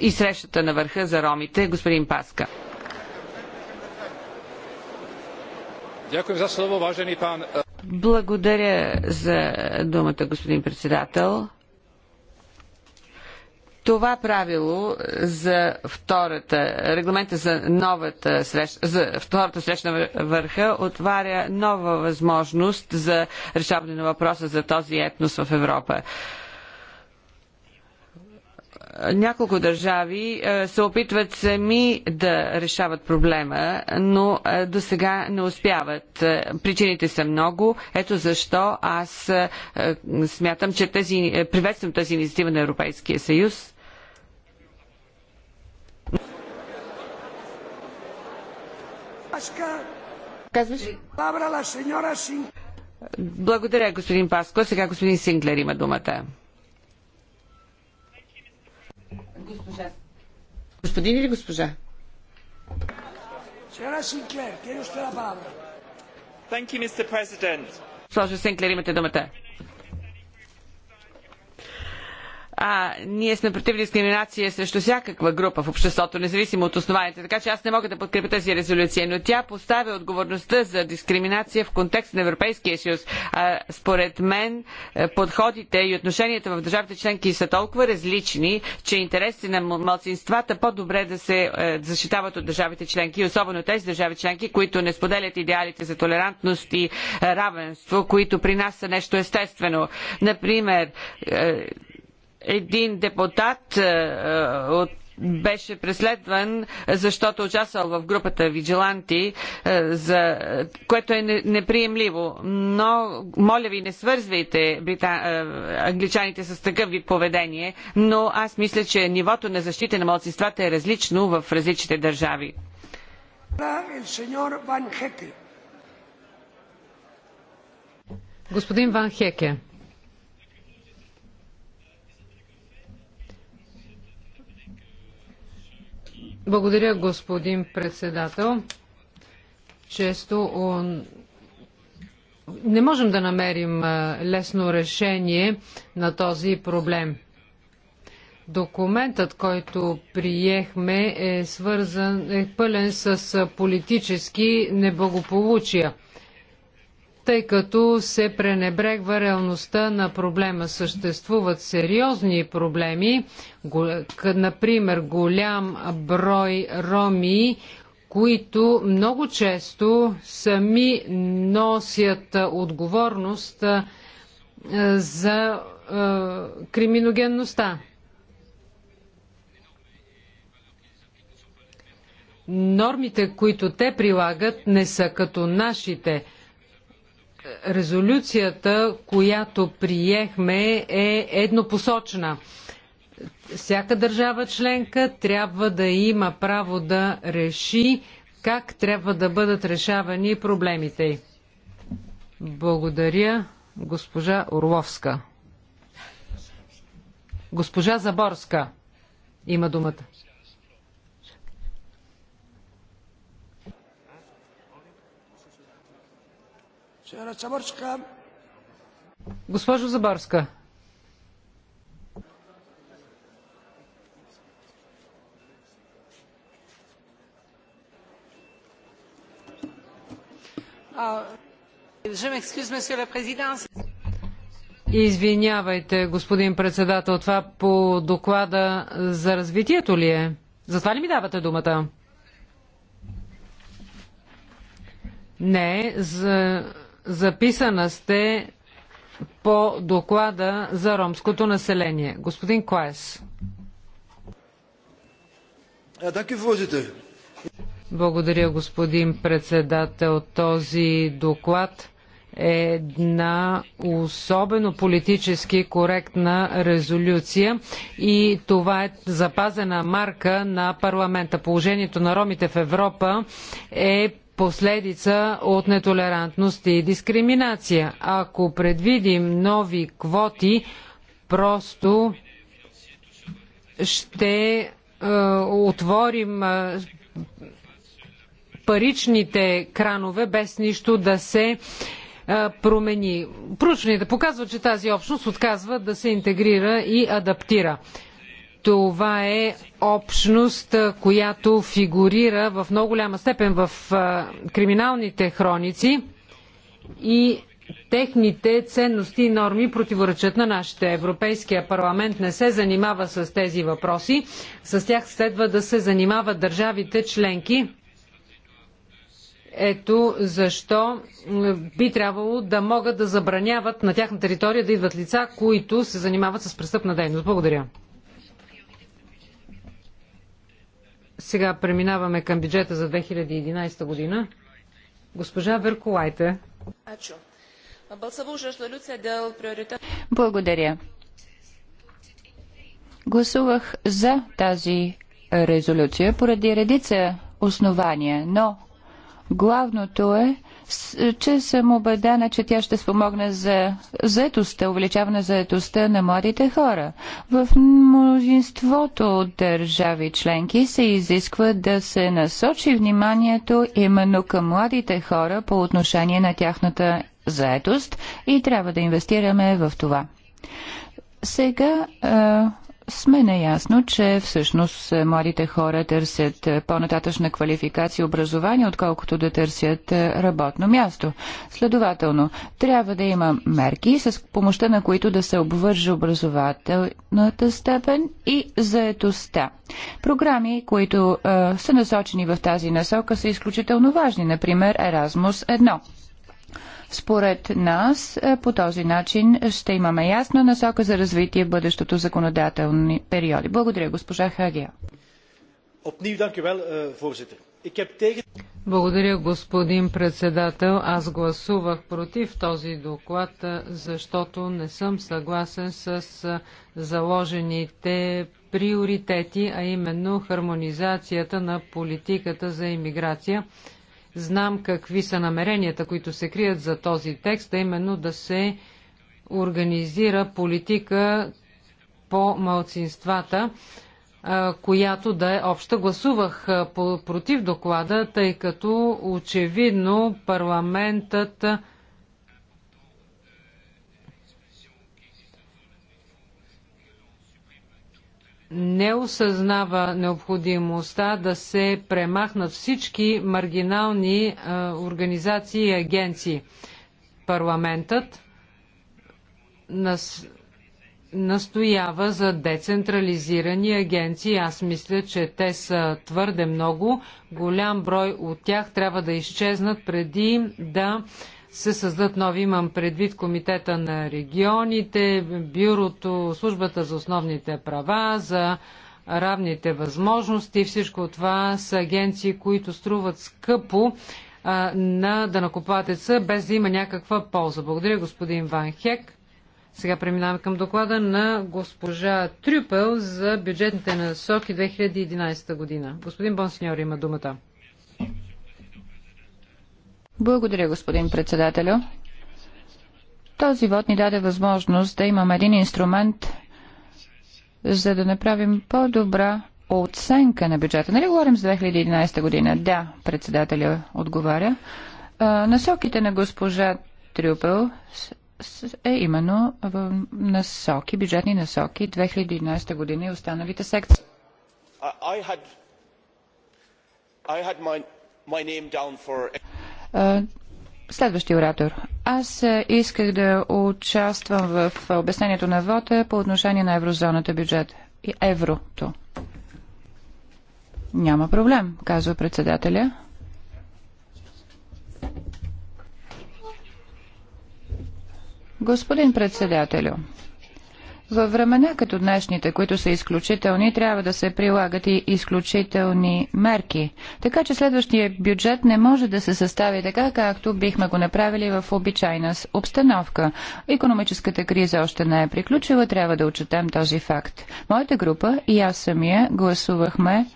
и срещата на върха за ромите, господин Паска. Е, Благодаря за думата, господин председател. Това правило за втората, регламента за новата среща, за втората среща на върха отваря нова възможност за решаване на въпроса за този етнос в Европа няколко държави е, се опитват сами да решават проблема, но е, до сега не успяват. Е, причините са много. Ето защо аз смятам, че тази, приветствам тази инициатива на Европейския съюз. Казваш? Благодаря, господин Паско. Сега господин Синглер има думата. Госпожа. Господин или госпожа? Е Сенклер, имате думата. а ние сме против дискриминация срещу всякаква група в обществото, независимо от основанията. Така че аз не мога да подкрепя тази резолюция, но тя поставя отговорността за дискриминация в контекст на Европейския съюз. А, според мен е, подходите и отношенията в държавите членки са толкова различни, че интересите на малцинствата по-добре да се е, защитават от държавите членки, особено тези държави членки, които не споделят идеалите за толерантност и е, равенство, които при нас са нещо естествено. Например, един депутат е, е, от беше преследван, защото участвал в групата Виджиланти, е, за... което е неприемливо. Но, моля ви, не свързвайте брита... англичаните с такъв вид поведение, но аз мисля, че нивото на защита на младсинствата е различно в различните държави. Господин Ван Хеке. Благодаря, господин председател. Често не можем да намерим лесно решение на този проблем. Документът, който приехме, е свързан, е пълен с политически неблагополучия тъй като се пренебрегва реалността на проблема. Съществуват сериозни проблеми, например голям брой роми, които много често сами носят отговорност за криминогенността. Нормите, които те прилагат, не са като нашите – резолюцията, която приехме, е еднопосочна. Всяка държава членка трябва да има право да реши как трябва да бъдат решавани проблемите Благодаря, госпожа Орловска. Госпожа Заборска има думата. Госпожо Забарска. Ah, Извинявайте, господин председател, това по доклада за развитието ли е? Затова ли ми давате думата? Не, за записана сте по доклада за ромското население. Господин Коес. Е, Благодаря, господин председател. Този доклад е една особено политически коректна резолюция и това е запазена марка на парламента. Положението на ромите в Европа е последица от нетолерантност и дискриминация. Ако предвидим нови квоти, просто ще е, отворим е, паричните кранове без нищо да се е, промени. Проучванията показват, че тази общност отказва да се интегрира и адаптира. Това е общност, която фигурира в много голяма степен в криминалните хроници и техните ценности и норми противоречат на нашите. Европейския парламент не се занимава с тези въпроси. С тях следва да се занимават държавите членки. Ето защо би трябвало да могат да забраняват на тяхна територия да идват лица, които се занимават с престъпна дейност. Благодаря. Сега преминаваме към бюджета за 2011 година. Госпожа Веркулайте. Благодаря. Гласувах за тази резолюция поради редица основания, но главното е, е, че съм убедена, че тя ще спомогне за заетостта, увеличаване заетостта на младите хора. В мнозинството от държави членки се изисква да се насочи вниманието именно към младите хора по отношение на тяхната заетост и трябва да инвестираме в това. Сега е, сме наясно, че всъщност младите хора търсят по-нататъчна квалификация и образование, отколкото да търсят работно място. Следователно, трябва да има мерки, с помощта на които да се обвърже образователната степен и заетостта. Програми, които а, са насочени в тази насока, са изключително важни, например Erasmus 1. Според нас е, по този начин ще имаме ясна насока за развитие в бъдещото законодателни периоди. Благодаря, госпожа Хагия. Е, Благодаря, господин председател. Аз гласувах против този доклад, е, защото не съм съгласен с заложените приоритети, а именно хармонизацията на политиката за иммиграция Знам какви са намеренията, които се крият за този текст, а именно да се организира политика по малцинствата, която да е обща. Гласувах против доклада, тъй като очевидно парламентът не осъзнава необходимостта да се премахнат всички маргинални а, е, организации и агенции. Парламентът нас, настоява за децентрализирани агенции. Аз мисля, че те са твърде много. Голям брой от тях трябва да изчезнат преди да се създадат нови, имам предвид Комитета на регионите, Бюрото, Службата за основните права, за равните възможности. Всичко това са агенции, които струват скъпо а, на данакоплатеца, без да има някаква полза. Благодаря, господин Ван Хек. Сега преминаваме към доклада на госпожа Трюпел за бюджетните насоки 2011 година. Господин Бонсеньор има думата. Благодаря, господин председателю. Този вод ни даде възможност да имаме един инструмент, за да направим по-добра оценка на бюджета. Нали говорим за 2011 година? Да, председателя отговаря. А, насоките на госпожа Трюпел е именно в насоки, бюджетни насоки 2011 година и останалите секции. I had, I had my, my name down for... Следващия оратор. Аз исках да участвам в обяснението на вота по отношение на еврозоната бюджет и еврото. Няма проблем, казва председателя. Господин председателю, във времена като днешните, които са изключителни, трябва да се прилагат и изключителни мерки. Така че следващия бюджет не може да се състави така, както бихме го направили в обичайна обстановка. Економическата криза още не е приключила, трябва да отчетем този факт. Моята група и аз самия гласувахме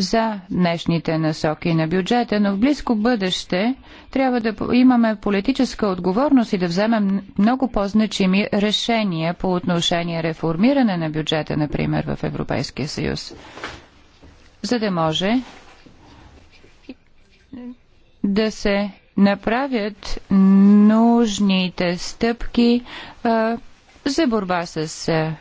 за днешните насоки на бюджета, но в близко бъдеще трябва да имаме политическа отговорност и да вземем много по-значими решения по отношение реформиране на бюджета, например, в Европейския съюз, за да може да се направят нужните стъпки а, за борба с а,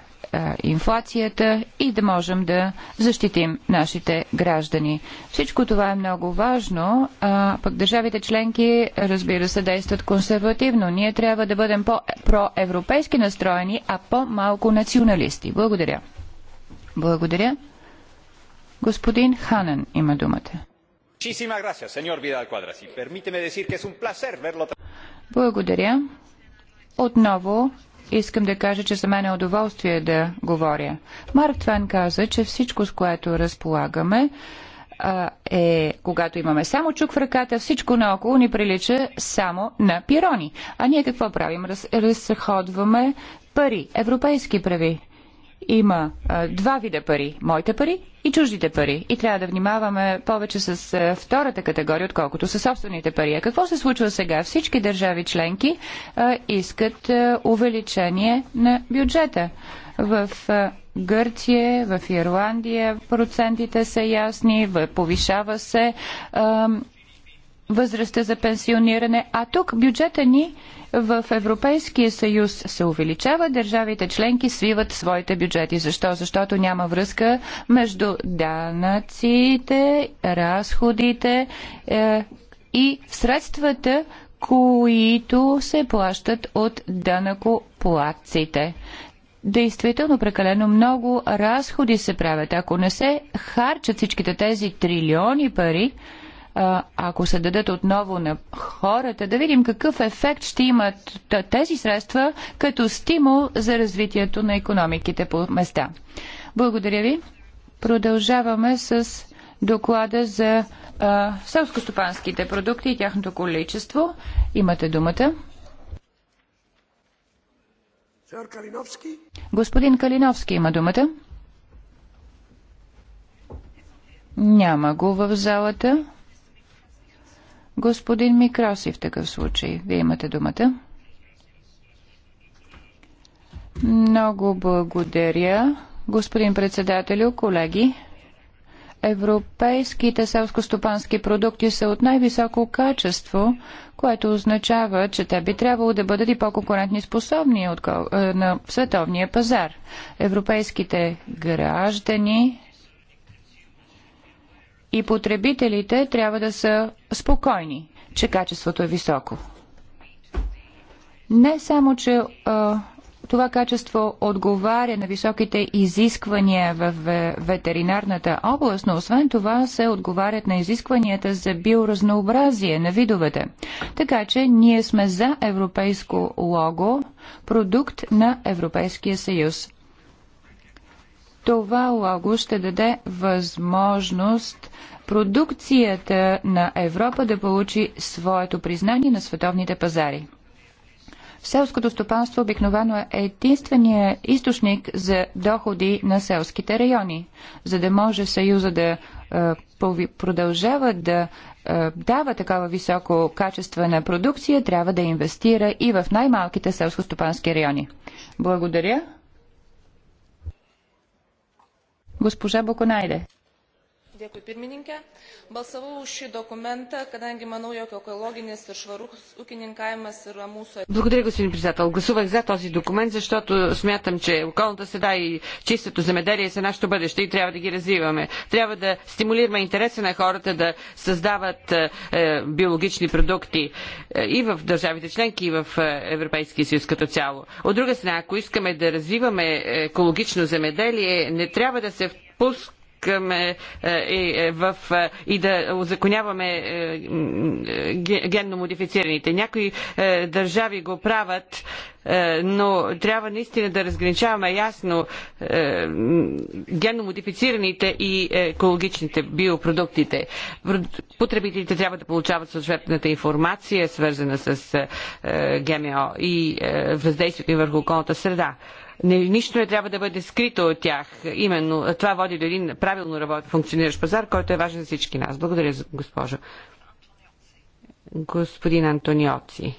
инфлацията и да можем да защитим нашите граждани. Всичко това е много важно, а пък държавите членки, разбира се, действат консервативно. Ние трябва да бъдем по-проевропейски настроени, а по-малко националисти. Благодаря. Благодаря. Господин Ханен има думата. Благодаря. Отново искам да кажа, че за мен е удоволствие да говоря. Марк Твен каза, че всичко, с което разполагаме, е, когато имаме само чук в ръката, всичко наоколо ни прилича само на пирони. А ние какво правим? Раз, разходваме пари, европейски прави, има а, два вида пари моите пари и чуждите пари. И трябва да внимаваме повече с а, втората категория, отколкото с собствените пари. А какво се случва сега? Всички държави членки а, искат а, увеличение на бюджета. В а, Гърция, в Ирландия процентите са ясни, повишава се а, възрастта за пенсиониране, а тук бюджета ни в Европейския съюз се увеличава, държавите членки свиват своите бюджети. Защо? Защото няма връзка между данъците, разходите е, и средствата, които се плащат от данъкоплатците. Действително прекалено много разходи се правят. Ако не се харчат всичките тези трилиони пари, ако се дадат отново на хората, да видим какъв ефект ще имат тези средства като стимул за развитието на економиките по места. Благодаря ви. Продължаваме с доклада за селскостопанските продукти и тяхното количество. Имате думата. Калиновски. Господин Калиновски има думата. Няма го в залата. Господин Микроси в такъв случай. Вие имате думата. Много благодаря. Господин председателю, колеги, европейските селскостопански продукти са от най-високо качество, което означава, че те би трябвало да бъдат и по-конкурентни способни е, на световния пазар. Европейските граждани и потребителите трябва да са спокойни, че качеството е високо. Не само, че а, това качество отговаря на високите изисквания в ветеринарната област, но освен това се отговарят на изискванията за биоразнообразие на видовете. Така че ние сме за европейско лого, продукт на Европейския съюз. Това лого ще даде възможност продукцията на Европа да получи своето признание на световните пазари. Селското стопанство обикновено е единствения източник за доходи на селските райони. За да може Съюза да е, продължава да е, дава такава високо качествена продукция, трябва да инвестира и в най-малките селско-стопански райони. Благодаря. Госпожа Боконайде. Dėkui pirmininkė. Balsavau už šį dokumentą, kadangi manau, jog ekologinis ir švarus ūkininkavimas yra mūsų... Благодаря, господин председател. Гласувах за този документ, защото смятам, че околната седа и чистото земеделие са нашето бъдеще и трябва да ги развиваме. Трябва да стимулираме интереса на хората да създават е, е биологични продукти е, и в държавите членки, и в е, Европейския съюз като цяло. От друга страна, ако искаме да развиваме е, екологично земеделие, не трябва да се впускаме искаме е, и, е, в, е, и да озаконяваме генно модифицираните. Някои държави го правят, но трябва наистина да разграничаваме ясно генно модифицираните и екологичните биопродуктите. Потребителите трябва да получават съответната информация, свързана с ГМО и въздействието им върху околната среда не, нищо не трябва да бъде скрито от тях. Именно това води до един правилно работ, функциониращ пазар, който е важен за всички нас. Благодаря, госпожо. Господин Антониоци.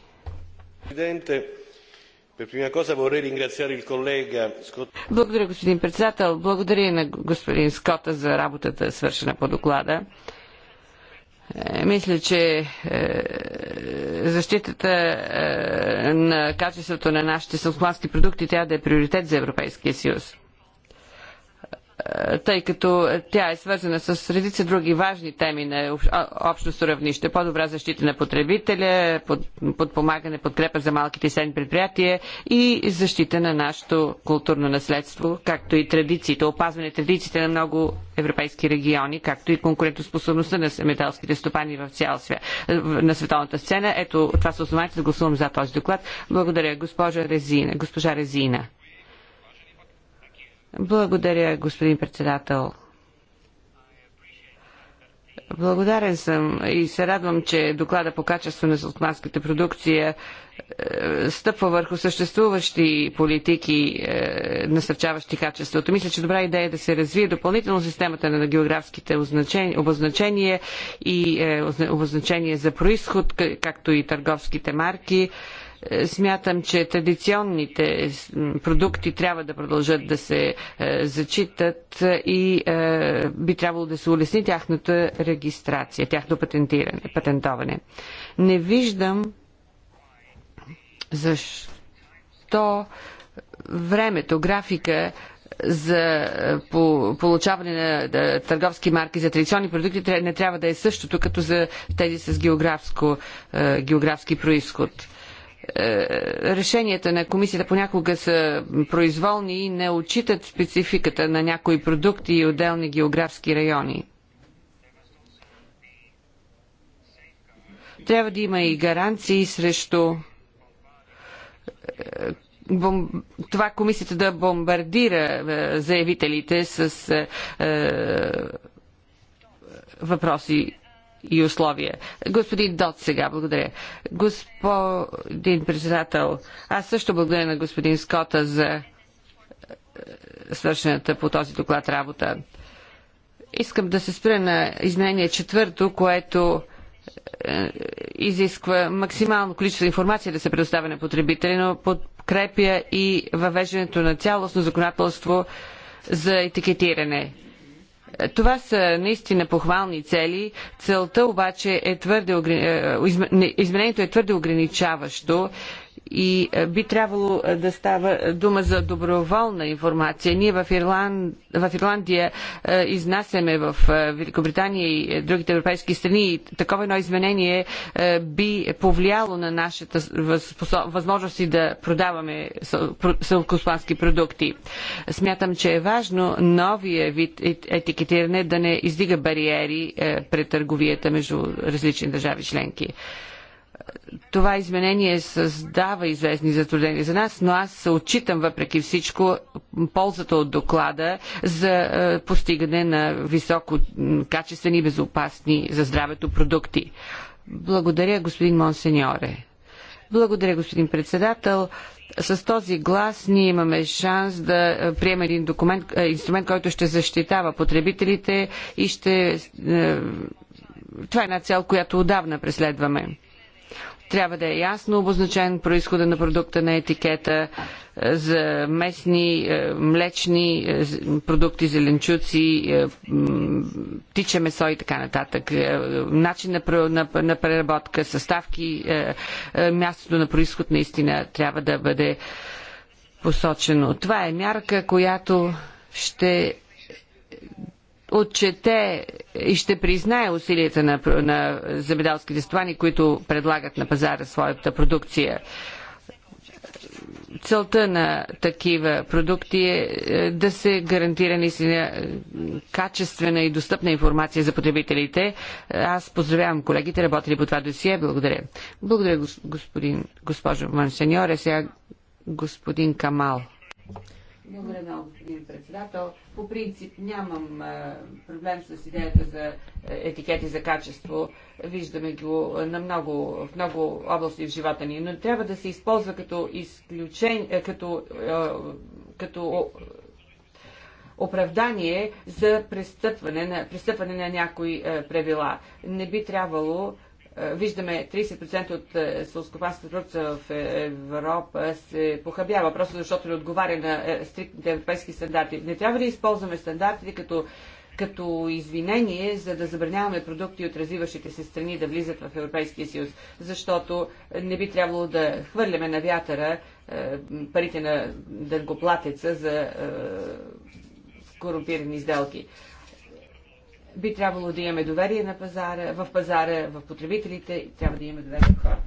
Благодаря, господин председател. Благодаря на господин Скота за работата, свършена по доклада. Е, мисля, че е, защитата е, на качеството на нашите селскохлански продукти трябва да е приоритет за Европейския съюз тъй като тя е свързана с редица други важни теми на общностно равнище. По-добра защита на потребителя, подпомагане, подкрепа за малките и средни предприятия и защита на нашето културно наследство, както и традициите, опазване традициите на много европейски региони, както и конкурентоспособността на земеделските стопани в цял свят, на световната сцена. Ето, това са основанията да гласувам за този доклад. Благодаря, госпожа Резина. Госпожа Резина. Благодаря, господин председател. Благодарен съм и се радвам, че доклада по качество на селтманската продукция е, стъпва върху съществуващи политики, е, насърчаващи качеството. Мисля, че добра идея е да се развие допълнително системата на географските обозначения и е, обозначения за происход, както и търговските марки е, смятам, че традиционните продукти трябва да продължат да се е, зачитат и е, би трябвало да се улесни тяхната регистрация, тяхно патентиране, патентоване. Не виждам защо времето, графика за по, получаване на да, търговски марки за традиционни продукти не трябва да е същото като за тези с географско, е, географски происход. Е, решенията на комисията понякога са произволни и не отчитат спецификата на някои продукти и отделни географски райони. Трябва да има и гаранции срещу е, това комисията да бомбардира е, заявителите с въпроси и условия. Господин Дот сега, благодаря. Господин председател, аз също благодаря на господин Скота за е, свършената по този доклад работа. Искам да се спра на изменение четвърто, което е, изисква максимално количество информация да се предоставя на потребители, но подкрепя и въвеждането на цялостно законодателство за етикетиране това са наистина похвални цели. Целта обаче е твърде, е, изменението е твърде ограничаващо и е, би трябвало е, да става е, дума за доброволна информация. Ние в, Ирланд... в Ирландия изнасяме в Великобритания и другите европейски страни и такова едно изменение би повлияло на нашите възможности да продаваме селкоспански продукти. Смятам, че е важно новия вид етикетиране да не издига бариери пред търговията между различни държави членки това изменение създава известни затруднения за нас, но аз отчитам въпреки всичко ползата от доклада за е, постигане на високо качествени, безопасни за здравето продукти. Благодаря, господин Монсеньоре. Благодаря, господин председател. С този глас ние имаме шанс да е, приемем един документ, е, инструмент, който ще защитава потребителите и ще. Това е една цел, която отдавна преследваме трябва да е ясно обозначен происхода на продукта на етикета е, за местни е, млечни е, продукти, зеленчуци, птиче месо и така нататък. Начин на, на преработка, съставки, мястото на происход наистина трябва да бъде посочено. Това е мярка, която ще отчете и ще признае усилията на, на земеделските стопани, които предлагат на пазара своята продукция. Целта на такива продукти е, е да се гарантира наистина е, качествена и достъпна информация за потребителите. Аз поздравявам колегите, работили по това досие. Благодаря. Благодаря, господин, госпожо Мансеньоре. Сега господин Камал. Благодаря много, господин председател. По принцип нямам проблем с идеята за е, етикети за качество. Виждаме го на много, в много области в живота ни, но трябва да се използва като изключение, като, е, като оправдание за престъпване на, престъпване на някои е, правила. Не би трябвало е, виждаме 30% от е, селскопанската продукция в е, Европа се похабява, просто защото не отговаря на стриктните европейски стандарти. Не трябва да използваме стандартите като като извинение, за да забраняваме продукти от развиващите се страни да влизат в Европейския съюз, защото не би трябвало да хвърляме на вятъра парите на дъргоплатеца за корумпирани сделки. Би трябвало да имаме доверие на пазара, в пазара, в потребителите и трябва да имаме доверие в хората.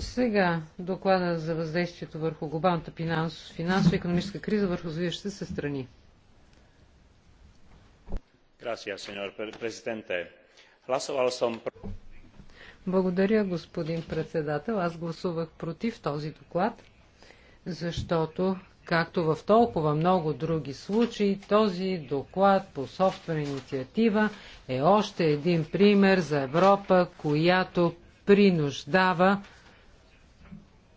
Сега доклада за въздействието върху глобалната финансова и економическа криза върху развиващите се страни. Gracias, señor presidente. Hlasoval som... Благодаря, господин председател. Аз гласувах против този доклад, защото, както в толкова много други случаи, този доклад по собствена инициатива е още един пример за Европа, която принуждава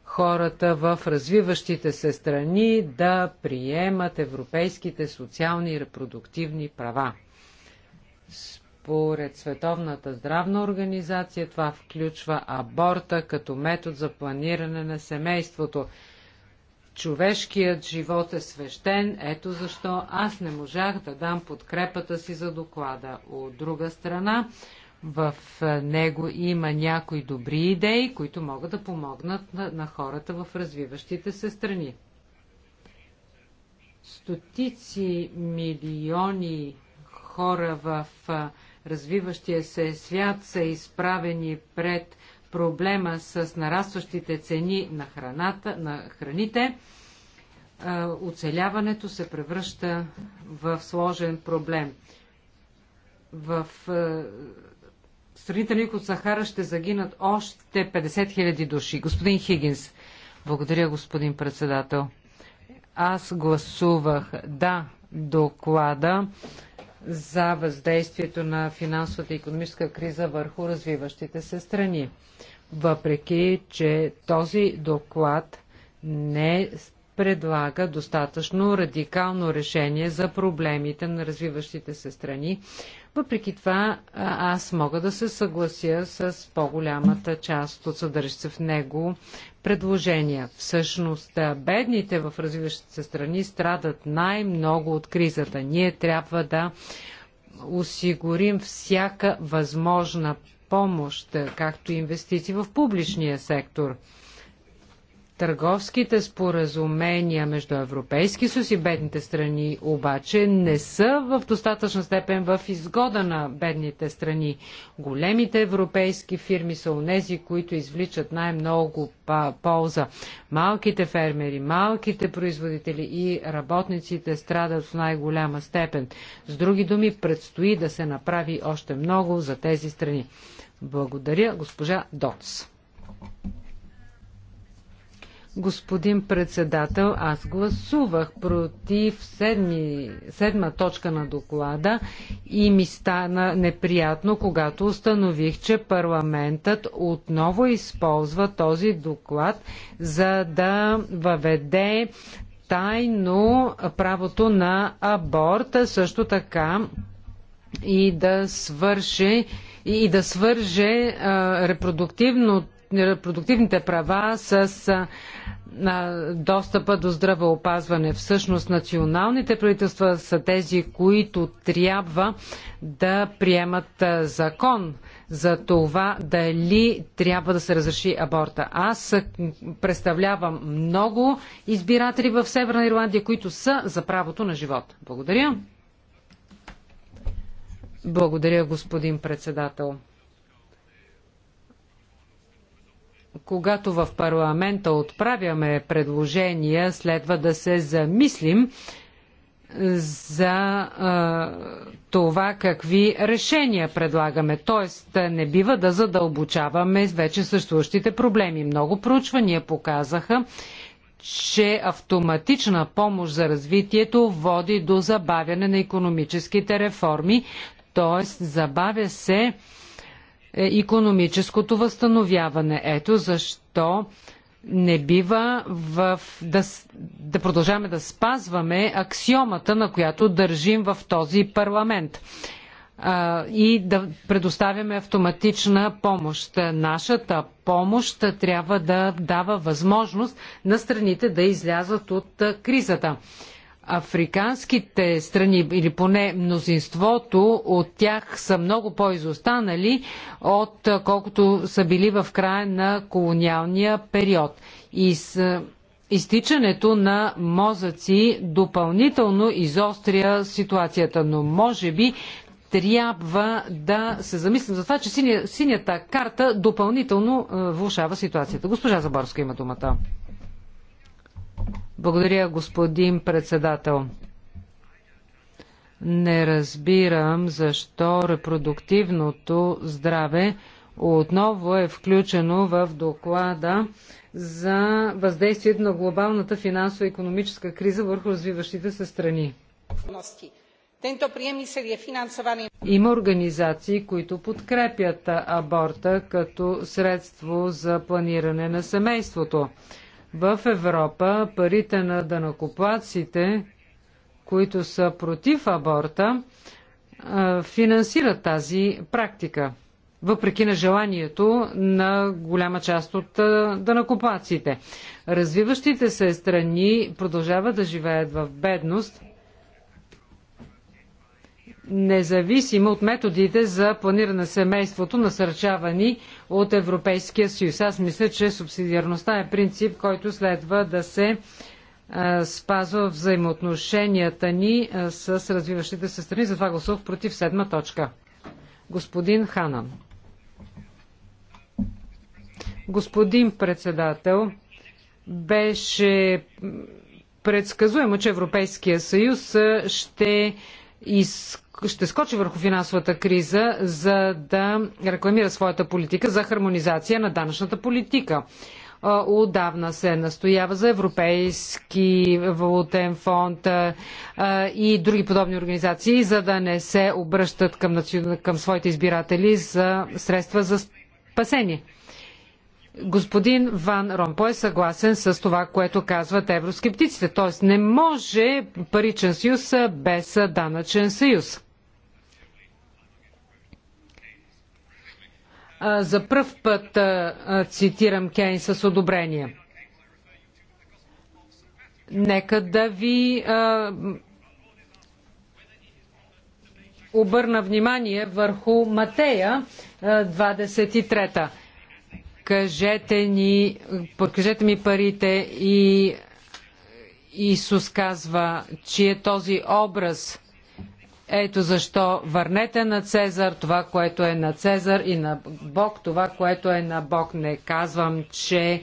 хората в развиващите се страни да приемат европейските социални и репродуктивни права. Според Световната здравна организация това включва аборта като метод за планиране на семейството. Човешкият живот е свещен, ето защо аз не можах да дам подкрепата си за доклада. От друга страна, в него има някои добри идеи, които могат да помогнат на, на хората в развиващите се страни. Стотици милиони хора в развиващия се свят са изправени пред проблема с нарастващите цени на, храната, на храните, оцеляването се превръща в сложен проблем. В страните на от Сахара ще загинат още 50 000 души. Господин Хигинс, благодаря, господин председател. Аз гласувах да доклада за въздействието на финансовата и економическа криза върху развиващите се страни. Въпреки, че този доклад не предлага достатъчно радикално решение за проблемите на развиващите се страни. Въпреки това, аз мога да се съглася с по-голямата част от съдържащите в него предложения. Всъщност, бедните в развиващите се страни страдат най-много от кризата. Ние трябва да осигурим всяка възможна помощ, както и инвестиции в публичния сектор – Търговските споразумения между Европейски съюз и бедните страни обаче не са в достатъчна степен в изгода на бедните страни. Големите европейски фирми са унези, които извличат най-много полза. Малките фермери, малките производители и работниците страдат в най-голяма степен. С други думи, предстои да се направи още много за тези страни. Благодаря, госпожа Доц. Господин председател, аз гласувах против седми, седма точка на доклада и ми стана неприятно, когато установих, че парламентът отново използва този доклад, за да въведе тайно правото на аборт, също така и да свърши и да свърже а, репродуктивното репродуктивните права с достъпа до здравеопазване. Всъщност националните правителства са тези, които трябва да приемат закон за това дали трябва да се разреши аборта. Аз представлявам много избиратели в Северна Ирландия, които са за правото на живот. Благодаря. Благодаря, господин председател. когато в парламента отправяме предложения, следва да се замислим за а, това какви решения предлагаме. Тоест, не бива да задълбочаваме вече съществуващите проблеми. Много проучвания показаха, че автоматична помощ за развитието води до забавяне на економическите реформи, т.е. забавя се а, економическото възстановяване. Ето защо не бива в, да, да продължаваме да спазваме аксиомата, на която държим в този парламент а, и да предоставяме автоматична помощ. Нашата помощ трябва да дава възможност на страните да излязат от кризата африканските страни или поне мнозинството от тях са много по-изостанали от колкото са били в края на колониалния период. И с изтичането на мозъци допълнително изостря ситуацията, но може би трябва да се замислим за това, че синя, синята карта допълнително влушава ситуацията. Госпожа Заборска има думата. Благодаря, господин председател. Не разбирам защо репродуктивното здраве отново е включено в доклада за въздействието на глобалната финансово-економическа криза върху развиващите се страни. Има организации, които подкрепят аборта като средство за планиране на семейството. В Европа парите на данакоплаците, които са против аборта, финансират тази практика, въпреки на желанието на голяма част от данакоплаците. Развиващите се страни продължават да живеят в бедност – независимо от методите за планиране на семейството, насърчавани от Европейския съюз. Аз мисля, че субсидиарността е принцип, който следва да се спазва взаимоотношенията ни с развиващите се страни. Затова гласувах против седма точка. Господин Ханан. Господин председател, беше предсказуемо, че Европейския съюз ще изкъсне ще скочи върху финансовата криза, за да рекламира своята политика за хармонизация на данъчната политика. Отдавна се настоява за Европейски валутен фонд и други подобни организации, за да не се обръщат към, национ... към своите избиратели за средства за спасение. Господин Ван Ромпой е съгласен с това, което казват евроскептиците. Т.е. не може паричен съюз без данъчен съюз. за пръв път цитирам Кейн с одобрение. Нека да ви обърна внимание върху Матея 23. Кажете ни, подкажете ми парите и Исус казва, че е този образ ето защо върнете на Цезар това, което е на Цезар и на Бог това, което е на Бог. Не казвам, че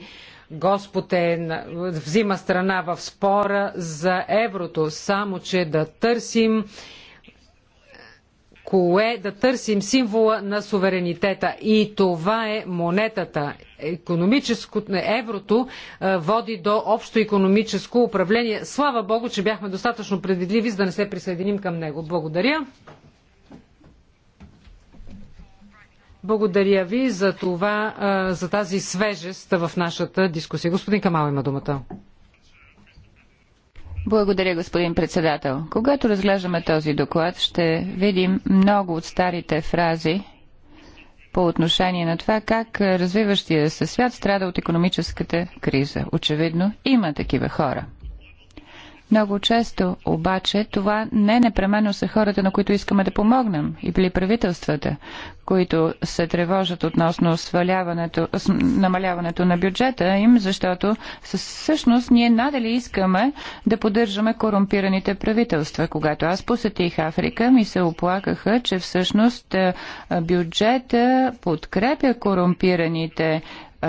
Господ е, взима страна в спора за еврото, само че да търсим кое да търсим символа на суверенитета. И това е монетата економическото на еврото води до общо економическо управление. Слава Богу, че бяхме достатъчно предвидливи, за да не се присъединим към него. Благодаря. Благодаря ви за, това, за тази свежест в нашата дискусия. Господин Камал има думата. Благодаря, господин председател. Когато разглеждаме този доклад, ще видим много от старите фрази, по отношение на това как развиващия се свят страда от економическата криза. Очевидно, има такива хора – много често обаче това не непременно са хората, на които искаме да помогнем, и били правителствата, които се тревожат относно сваляването, намаляването на бюджета им, защото всъщност ние надали искаме да поддържаме корумпираните правителства. Когато аз посетих Африка, ми се оплакаха, че всъщност е, бюджета подкрепя корумпираните е,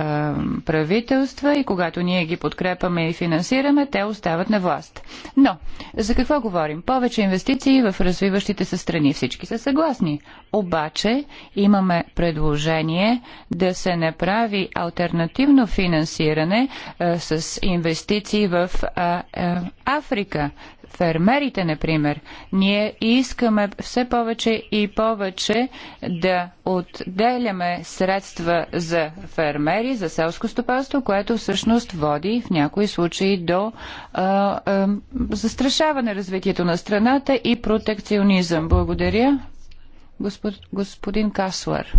правителства и когато ние ги подкрепаме и финансираме, те остават на власт. Но, за какво говорим? Повече инвестиции в развиващите се страни. Всички са съгласни. Обаче, имаме предложение да се направи альтернативно финансиране а, е, с инвестиции в а, е, а, Африка фермерите, например. Ние искаме все повече и повече да отделяме средства за фермери, за селско стопанство, което всъщност води в някои случаи до а, а, застрашаване развитието на страната и протекционизъм. Благодаря. Господ, господин Каслар.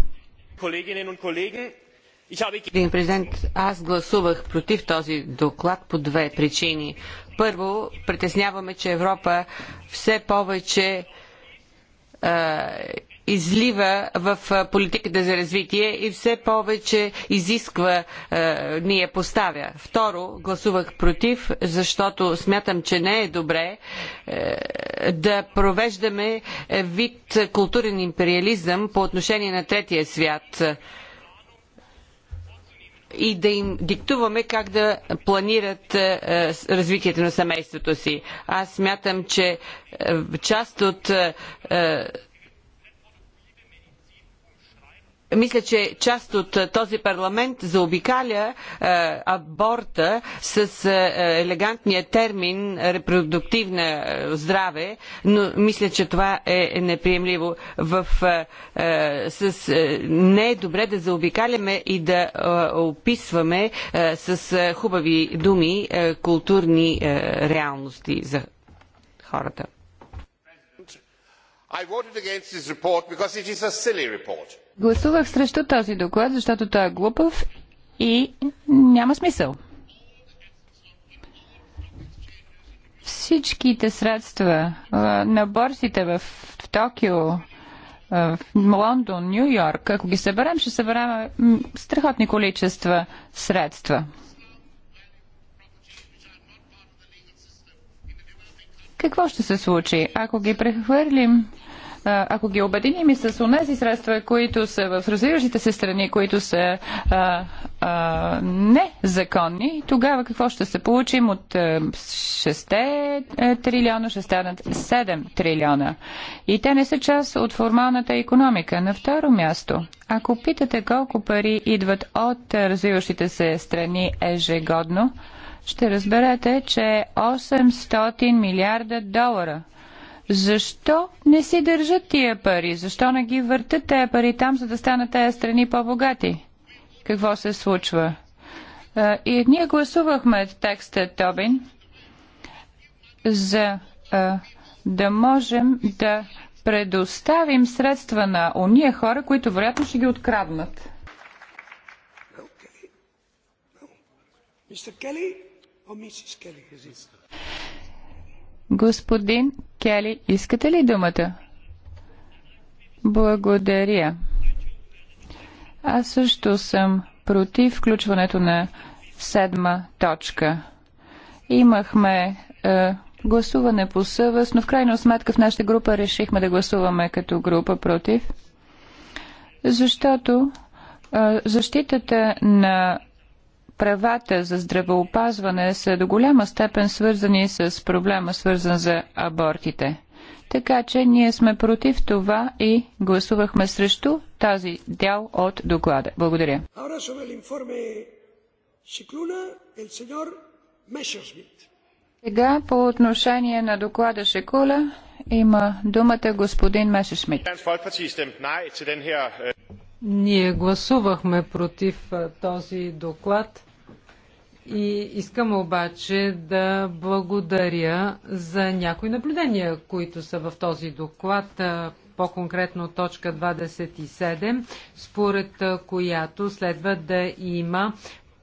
Господин президент, аз гласувах против този доклад по две причини. Първо, притесняваме, че Европа все повече излива в политиката за развитие и все повече изисква, е, ни я поставя. Второ, гласувах против, защото смятам, че не е добре е, да провеждаме вид културен империализъм по отношение на третия свят и да им диктуваме как да планират е, е, развитието на семейството си. Аз смятам, че е, част от мисля, че част от този парламент заобикаля аборта с елегантния термин репродуктивна здраве, но мисля, че това е, е неприемливо. В, с, не е добре да заобикаляме и да описваме с хубави думи културни реалности за хората. I voted against this report because it is a silly report Гласувах срещу този доклад, защото той е глупав и няма смисъл. Всичките средства на борсите в Токио, в Лондон, Нью Йорк, ако ги съберем, ще съберем страхотни количества средства. Какво ще се случи, ако ги прехвърлим ако ги обединим и с тези средства, които са в развиващите се страни, които са а, а, незаконни, тогава какво ще се получим от 6 е, трилиона, ще станат 7 трилиона. И те не са част от формалната економика. На второ място, ако питате колко пари идват от развиващите се страни ежегодно, ще разберете, че 800 милиарда долара – защо не си държат тия пари? Защо не ги въртат тия пари там, за да станат тези страни по-богати? Какво се случва? И ние гласувахме текста Тобин за да можем да предоставим средства на ония хора, които вероятно ще ги откраднат. Господин Кели, искате ли думата? Благодаря. Аз също съм против включването на седма точка. Имахме е, гласуване по съвест, но в крайна сметка в нашата група решихме да гласуваме като група против, защото е, защитата на правата за здравеопазване са до голяма степен свързани с проблема, свързан за абортите. Така че ние сме против това и гласувахме срещу тази дял от доклада. Благодаря. Сега по отношение на доклада Шекула има думата господин Месешмит. Øh, ние гласувахме против този доклад и искам обаче да благодаря за някои наблюдения, които са в този доклад, по-конкретно точка 27, според която следва да има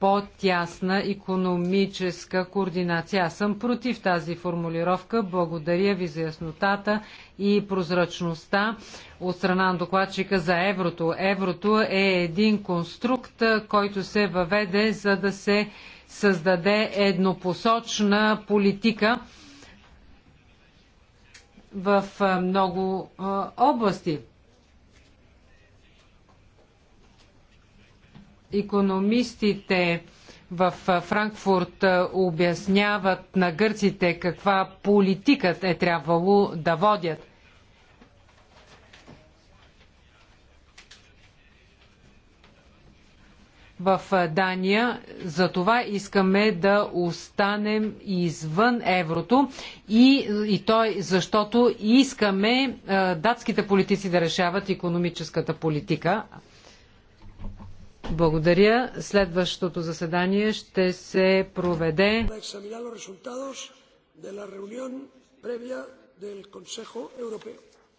по-тясна економическа координация. Аз съм против тази формулировка. Благодаря ви за яснотата и прозрачността от страна на докладчика за еврото. Еврото е един конструкт, който се въведе за да се създаде еднопосочна политика в много области. Економистите в Франкфурт обясняват на гърците каква политика е трябвало да водят. в Дания. За това искаме да останем извън еврото и, и той, е защото искаме а, датските политици да решават економическата политика. Благодаря. Следващото заседание ще се проведе да